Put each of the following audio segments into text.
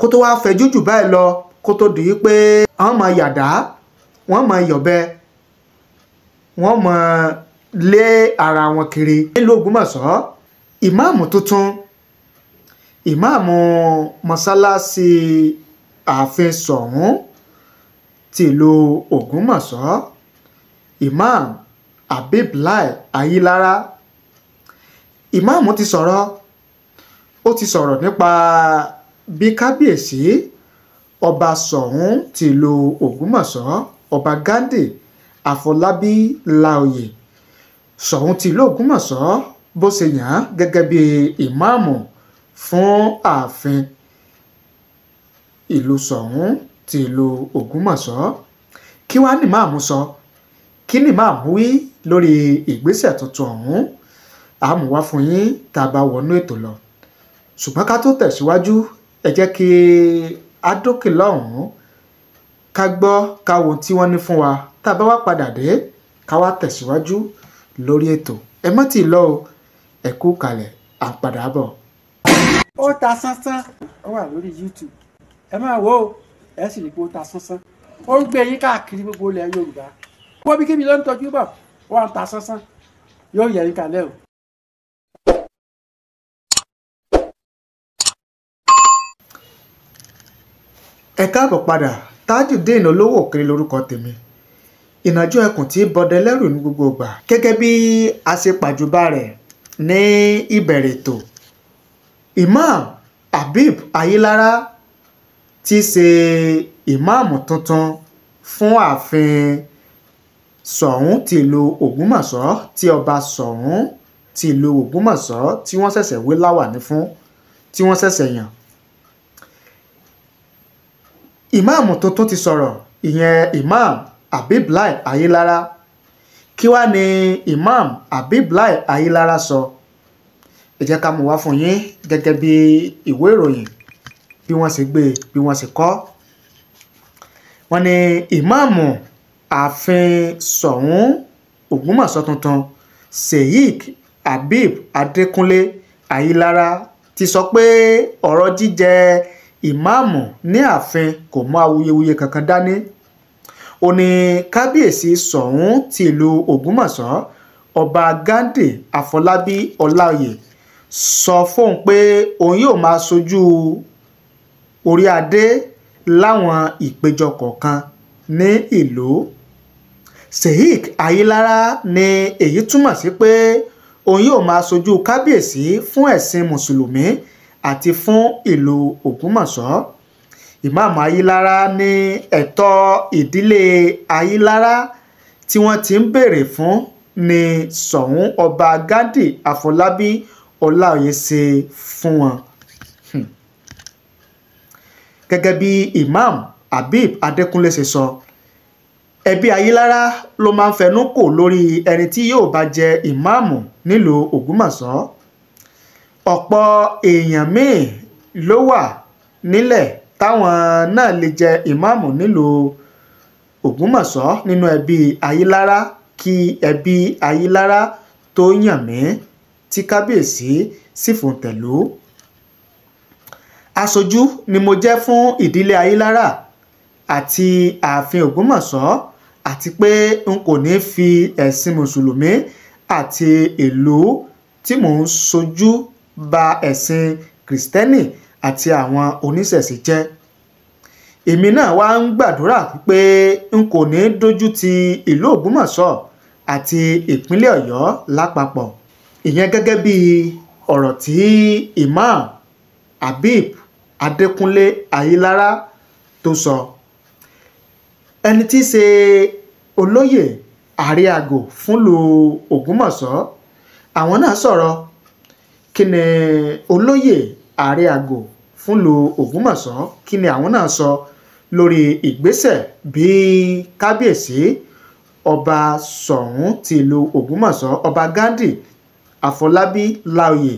kó tó wáá fẹjú jù báyìí lọ kó tó dì í pé àwọn mọ yàdá wọ́n mọ yọ̀bẹ wọ́n mọ lé ara wọn kiri nílùú Ògbómọ̀ṣọ́ ìmáàmù tuntun ìmáàmù mọ́sálásí ààfin Ṣọ̀ún tìlú Ògbómọ̀ṣọ́ ìmáàmù Habib Lai Ayilara ìmáàmù ti sọ̀rọ̀ ó ti sọ̀rọ̀ nípa bí kábíyèsí ọba sọ̀hún tìlú ògbómọ̀ṣọ́ ọba gandhi àfọlábí láòyè sọ̀hún tìlú ògbómọ̀ṣọ́ bó ṣe yàn án gẹ́gẹ́ bí ìmáàmù fún ààfin ìlú sọ̀hún tìlú ògbómọ̀ṣọ́ kí wàá ní máàmù sọ kí ní máàmù wí lórí ìgbésẹ̀ tuntun ọ̀hún àmúwá fún yín tá wọnú ètò lọ ṣùgbọ́n ká tó tẹ̀síwájú ẹ jẹ́ kí adókè lọ́hùn-ún ká gbọ́ ká wo tí wọ́n ní fún wa tá a bá wá padà dé ká wá tẹ̀síwájú lórí ètò ẹ má tíì lọ o ẹ kú kalẹ̀ à ń padà bọ̀. ó ta sánsán ó wà lórí YouTube ẹ máa wò ó ẹ sì rí pé ó ta sánsán ó ń gbé yín káàkiri gbogbo ilẹ̀ Yorùbá wọ́n bí kíbi ló ń tọ́jú bọ̀ wọ́n á ta sánsán yóò yẹ yín kalẹ̀ o. ẹ káàbọ̀ padà Tajudeen olówó òkèrè lórúkọ tèmi ìnàjú ẹkùn tí bọdẹ lẹ́rù ní gbogbo ìgbà gẹ́gẹ́ bí a ṣe pàjùbà rẹ̀ ní ìbẹ̀rẹ̀ ètò Imam Habib Ayilara ti ṣe ìmáàmù tuntun fún ààfin Ṣọ̀ún tìlú Ògbómọ̀ṣọ́ tí ọba Ṣọ̀ún tìlú Ògbómọ̀ṣọ́ tí wọ́n ṣẹ̀ṣẹ̀ wé láwàní fún tí wọ́n ṣẹ̀ṣẹ̀ yàn ìmáàmù tuntun ti sọ̀rọ̀ ìyẹn imam abiblai ayilara kí wá ni imam abiblai ayilara sọ ẹ jẹ́ ká mú wá fún yín gẹ́gẹ́ bí ìwé ìròyìn bí wọ́n ṣe gbé bí wọ́n ṣe kọ wọ́n ní ìmáàmù ààfin ṣọ̀ún ògbómọ̀ṣọ́ tuntun seyik abib adékúnlé ayilara ti sọ pé ọ̀rọ̀ jíjẹ ìmáàmù ní ààfin kò mú awuyewuye kankan dání ó ní kábíyèsí Ṣọ̀ún ti ìlú Ògbómọ̀ṣọ́ ọba Ghandi Àfọlábí Ọláoyè sọ fóun pé òun yóò máa sojú orí adé láwọn ìpéjọ kọ̀ọ̀kan ní ìlú Sheikh Ayilara ni èyí túmọ̀ sí pé òun yóò máa sojú kábíyèsí fún ẹ̀sìn mùsùlùmí àti fún ìlú Ògbómọ̀ṣọ́ ìmáàmù Ayílára ní ẹ̀tọ́ ìdílé Ayílára tí wọ́n ti ń béèrè fún ni Ṣọ̀ún Ọba Ghandi Àfọlábí Ọláoyè ṣe fún wọn. Hmm. gẹ́gẹ́ bí Imam Habib Adékúnlé ṣe sọ ẹbí Ayílára ló máa ń fẹnu kò lórí ẹni tí yóò bá jẹ ìmáàmù nílùú Ògbómọ̀ṣọ́. So ọ̀pọ̀ èèyàn míì ló wà nílẹ̀ táwọn náà lè jẹ ìmáàmù nílùú Ògbómọ̀ṣọ́ nínú ẹbí Ayílára kí ẹbí Ayílára tó yàn mí tí kábíyèsí sì fòǹtẹ̀lú aṣojú ni mo jẹ́ fún ìdílé Ayílára àti ààfin Ògbómọ̀ṣọ́ àti pé n kò ní fi ẹ̀sìn mùsùlùmí àti ìlú tí mò ń ṣojú ba ẹ̀sìn kìrìsìtẹ́nì àti àwọn oníṣẹ̀ṣe jẹ́ èmi náà wá ń gbàdúrà pé n kò ní dojú ti ìlú Ògbómọ̀ṣọ́ àti ìpínlẹ̀ Ọ̀yọ́ lápapọ̀ ìyẹn gẹ́gẹ́ bí ọ̀rọ̀ tí Imam Habib Adékúnlé Ayílára tó sọ ẹni tí í ṣe olóyè àríàgò fúnlùú Ògbómọ̀ṣọ́ àwọn náà sọ̀rọ̀ kí ni olóyè ààrẹ àgò fúnlò Ògbómọ̀ṣọ́ kí ni àwọn náà sọ lórí ìgbésẹ̀ bí kábíyèsí ọba Ṣọ̀ún ti ìlú Ògbómọ̀ṣọ́ ọba Ghandi Àfọlábí Láòyè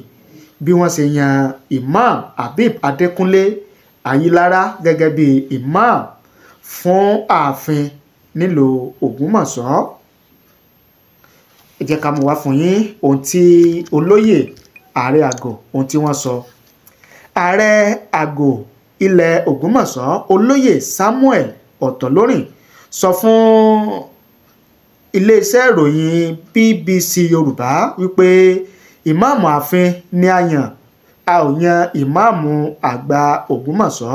bí wọ́n ṣe yan Imam Habib Adékúnlé Ayílára gẹ́gẹ́ bí imam fún ààfin nílùú Ògbómọ̀ṣọ́ ẹ jẹ́ ká mú wá fún yín ohun tí olóyè ààrẹ àgọ̀ ohun tí wọ́n sọ ààrẹ àgọ̀ ilẹ̀ Ògbómọ̀ṣọ́ olóyè Samuel ọ̀tọ̀lórìn sọ fún iléeṣẹ́ ìròyìn BBC Yorùbá wípé ìmáàmù ààfin ni a yàn a ò yan ìmáàmù àgbà Ògbómọ̀ṣọ́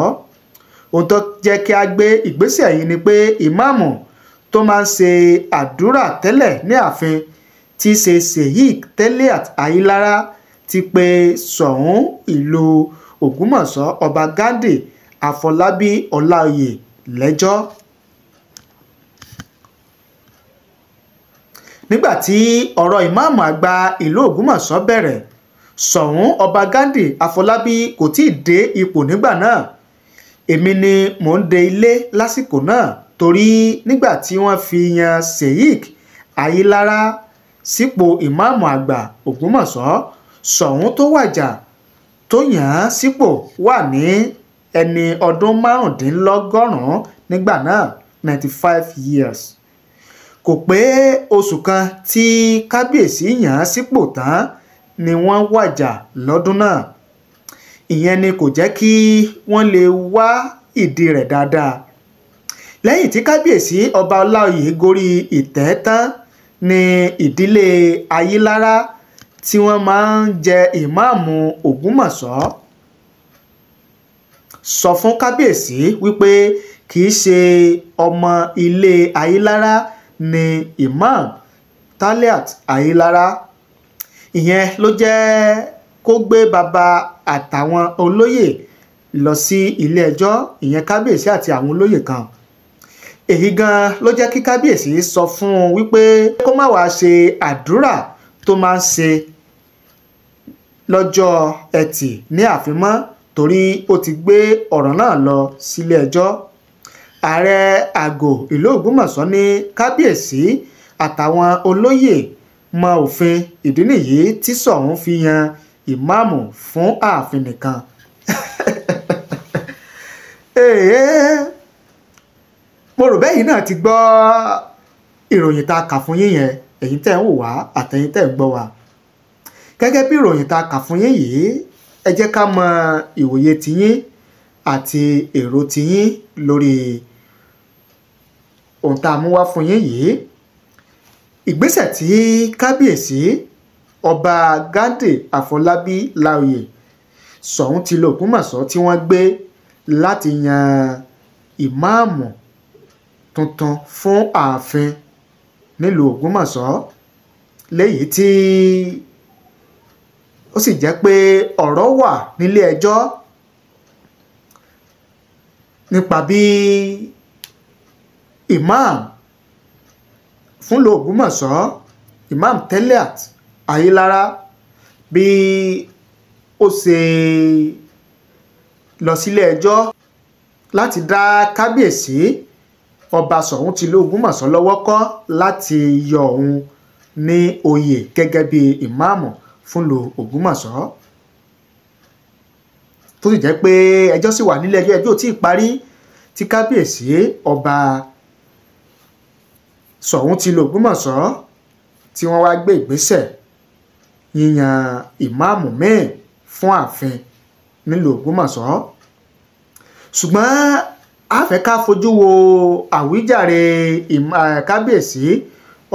ohun tó jẹ́ kí a gbé ìgbésẹ̀ yìí ni pé ìmáàmù tó máa ń ṣe àdúrà tẹ́lẹ̀ ní ààfin tí í ṣe Sheikh Teliat Ayilara ti pé sọ̀hún ìlú ògbómọ̀ṣọ́ ọba gandhi àfọlábí ọláòyè lẹ́jọ́. nígbà tí ọ̀rọ̀ ìmáàmù àgbà ìlú ògbómọ̀ṣọ́ bẹ̀rẹ̀ sọ̀hún ọba gandhi àfọlábí kò tí dé ipò nígbà náà èmi ni mò ń de ilé lásìkò náà torí nígbà tí wọ́n fi yan sheik ayilára sípò ìmáàmù àgbà ògbómọ̀ṣọ́ Ṣọ̀ún tó wàjà tó yàn án sípò wà ní ẹni ọdún márùndínlọ́gọ́rùn-ún nígbà náà ninety five years kò pé oṣù kan tí kábíyèsí yàn án sípò tán ni wọ́n wàjà lọ́dún náà ìyẹn ni kò jẹ́ kí wọ́n lè wá ìdí rẹ̀ dáadáa lẹ́yìn tí kábíyèsí ọba ọláoyè gorí ìtẹ́ tán ni ìdílé ayílára tí wọ́n máa ń jẹ ìmáàmù Ògbómọ̀ṣọ́ sọ fún kábíyèsí wípé kì í ṣe ọmọ ilé Ayílára ni imam Taliat Ayílára ìyẹn ló jẹ́ kó gbé bàbá àtàwọn olóyè lọ sí ilé ẹjọ́ ìyẹn kábíyèsí àti àwọn olóyè kan èyí gan ló jẹ́ kí kábíyèsí sọ fún un wípé kó má wàá ṣe àdúrà tó máa ń ṣe lọ́jọ́ ẹtì ní àfimọ́ torí ó ti gbé ọ̀rọ̀ náà lọ sílé-ẹjọ́ ààrẹ àgọ́ ìlú Ògbómọ̀ṣọ́ ní kábíyèsí àtàwọn olóyè mọ òfin ìdí nìyí tí Ṣọ̀ún fi yan ìmáàmù fún ààfin nìkan mo rò bẹ́ẹ̀ yìí náà ti gbọ́ ìròyìn tá kà fún yín yẹn tẹ́ ń wò wá àtẹ̀yin tẹ́ ń gbọ́ wa gẹ́gẹ́ bí ìròyìn ta kà fún yín yìí ẹ jẹ́ ká mọ ìwòye tiyín àti èrò tiyín lórí ohun tá a mú wá fún yín yìí ìgbésẹ̀ tí kábíyèsí ọba Ghandi Àfọlábí Láòyè Ṣọ̀ún ti lo Ògbómọ̀ṣọ́ tí wọ́n gbé láti yan ìmáàmù tuntun fún ààfin nílùú Ògbómọ̀ṣọ́ léyìí tí. Tí ó sì jẹ́ pé ọ̀rọ̀ wà nílé ẹjọ́ nípa bí imam fúnlọ Ògbómọ̀ṣọ́ imam Teliat Ayélára bí ó ṣe lọ sílé ẹjọ́ láti dá kábíyèsí ọba Ṣọ̀ún tìlú Ògbómọ̀ṣọ́ lọ́wọ́ kọ́ láti yọ òun ní oyè gẹ́gẹ́ bí ìmáàmù fúnlò Ògbómọ̀ṣọ́ tó sì jẹ́ pé ẹjọ́ sì wà nílé ẹjọ́ ẹjọ́ ò tí ì parí tí kábíyèsí ọba Ṣọ̀ún ti lo Ògbómọ̀ṣọ́ tí wọ́n wá gbé ìgbésẹ̀ yíyan ìmáàmù míì fún ààfin nílùú Ògbómọ̀ṣọ́ ṣùgbọ́n àfẹ́ká fojú wo àwíjàre kábíyèsí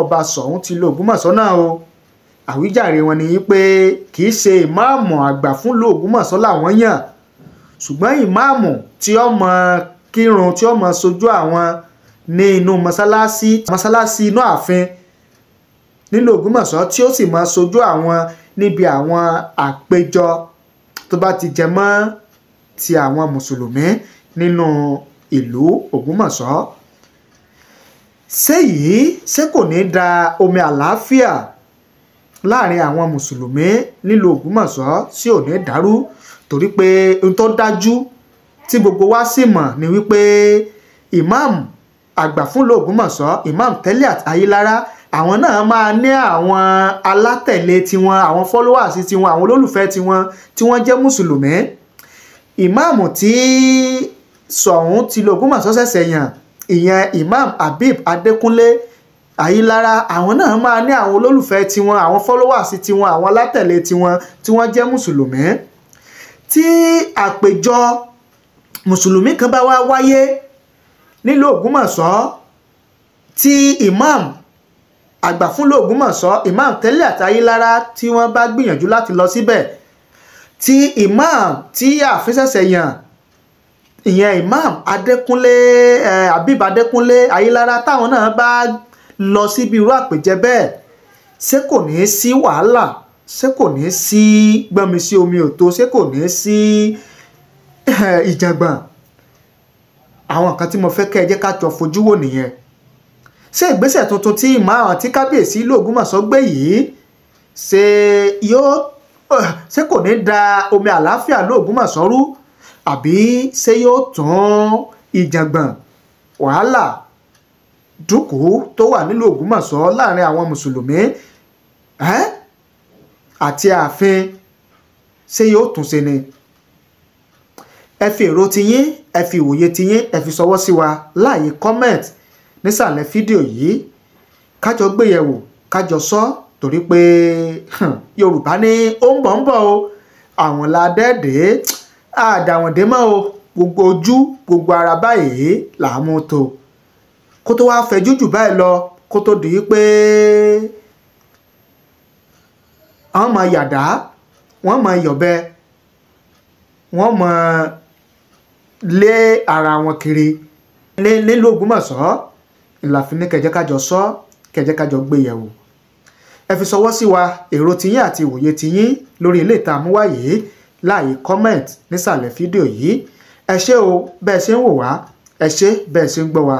ọba Ṣọ̀ún ti lo Ògbómọ̀ṣọ́ náà o àwíjàre wọn ni pé kì í ṣe ìmáàmù àgbà fúnlùú Ògbómọ̀ṣọ́ làwọn yàn ṣùgbọ́n ìmáàmù tí ó mọ kírun tí ó mọ sojú àwọn ní inú mọ́sálásí mọ́sálásí inú ààfin nílùú Ògbómọ̀ṣọ́ tí ó sì mọ sojú àwọn níbi àwọn àpéjọ tó bá ti jẹ mọ́ ti àwọn mùsùlùmí nínú ìlú Ògbómọ̀ṣọ́ ṣé yìí ṣé kò ní da omi àlàáfíà láàrin àwọn mùsùlùmí nílùú Ògbómọ̀ṣọ́ sí òní dàrú torí pé ohun tó dájú tí gbogbo wa sì mọ̀ ni wípé imam àgbà fúnlùú Ògbómọ̀ṣọ́ imam Teliat Ayélára àwọn náà máa ní àwọn alátẹ̀lé tiwọn àwọn followers tiwọn àwọn olólùfẹ́ tiwọn tí wọ́n jẹ́ mùsùlùmí imam tí Ṣọ̀ún ti lọ Ògbómọ̀ṣọ́ ṣẹ̀ṣẹ̀ yàn ìyẹn imam Habib Adékúnlé àyílára àwọn náà máa ní àwọn olólùfẹ́ tiwọn àwọn followers tiwọn àwọn alátẹ̀lé tiwọn tí wọ́n jẹ́ mùsùlùmí tí àpèjọ mùsùlùmí kan bá wá wáyé nílùú Ògbómọ̀ṣọ́ tí imam àgbà fúnlùú Ògbómọ̀ṣọ́ imam tẹ́lẹ̀ àtayílára tí wọ́n bá gbìyànjú láti lọ síbẹ̀ tí imam tí ààfin ṣẹ̀ṣẹ̀ yàn ìyẹn imam Adékúnlé eh, abib Adékúnlé Ayílára táwọn náà bá lọ síbi irú àpèjẹ bẹ́ẹ̀ ṣé kò ní í sí wàhálà ṣé kò ní í sí gbọ́nmi sí omi òtó ṣé kò ní í sí eh, ìjàngbọ̀n àwọn nǹkan tí mo fẹ́ kẹ́ ẹ jẹ́ ká jọ fojú wò nìyẹn ṣé ìgbésẹ̀ tuntun tí ìmáàmù àti kábíyèsí ìlú Ògbómọ̀ṣọ́ gbé yìí ṣé yóò eh, ṣé kò ní da omi àlàáfíà ìlú Ògbómọ̀ṣọ́ rú àbí ṣé yóò tún ìjàngbọ̀n wàhálà dúkùú tó wà nílùú Ògbómọ̀ṣọ́ láàrin àwọn mùsùlùmí àti ààfin ṣé yóò tún ṣe ni ẹ fi èrò tiyín ẹ fi ìwòye tiyín ẹ fi ṣọwọ́ sí wa láàyè comment nísàlẹ̀ fídíò yìí kájọ gbéyẹ̀wò kájọ sọ torí pé Yorùbá ní ó ń bọ̀ ń bọ̀ o àwọn ládẹ́ẹ̀dẹ́ àdàwọ̀dé mọ́ o gbogbo ojú gbogbo ara báyìí làá mú tó o kó tó wáá fẹjú jù báyìí lọ kó tó di pé àwọn máa yàdá wọ́n máa yọ̀bẹ wọ́n máa lé ara wọn kiri nílùú Ògbómọ̀ṣọ́ ìlàfin ní kẹjẹkájọ sọ kẹjẹkájọ gbéyẹ̀wò ẹ fi sọwọ́ sí wa èrò tiyín àti ìwòye tiyín lórí ilé ìta àmúwáyé láàyè comment nísàlẹ̀ fídíò yìí ẹ ṣé o bẹ́ẹ̀ ṣe ń wò wá ẹ ṣé bẹ́ẹ̀ ṣe ń gbọ́ wa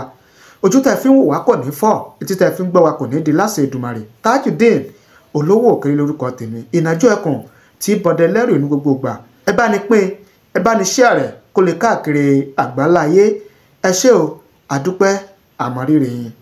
ojú tẹ́ fi ń wò wá kò ní fọ́ etí tẹ́ fi ń gbọ́ wá kò ní di láṣẹ Èdùmàrè Tajudeen olówó òkèrè lórúkọ tèmi ìnájú ẹkùn tí bọdẹ lẹ́rù ní gbogbo gbà ẹ bá ní pín ẹ bá ní share rẹ̀ kó lè káàkiri àgbáláyé ẹ ṣé o àdúpẹ́ àmọ̀rírì yín.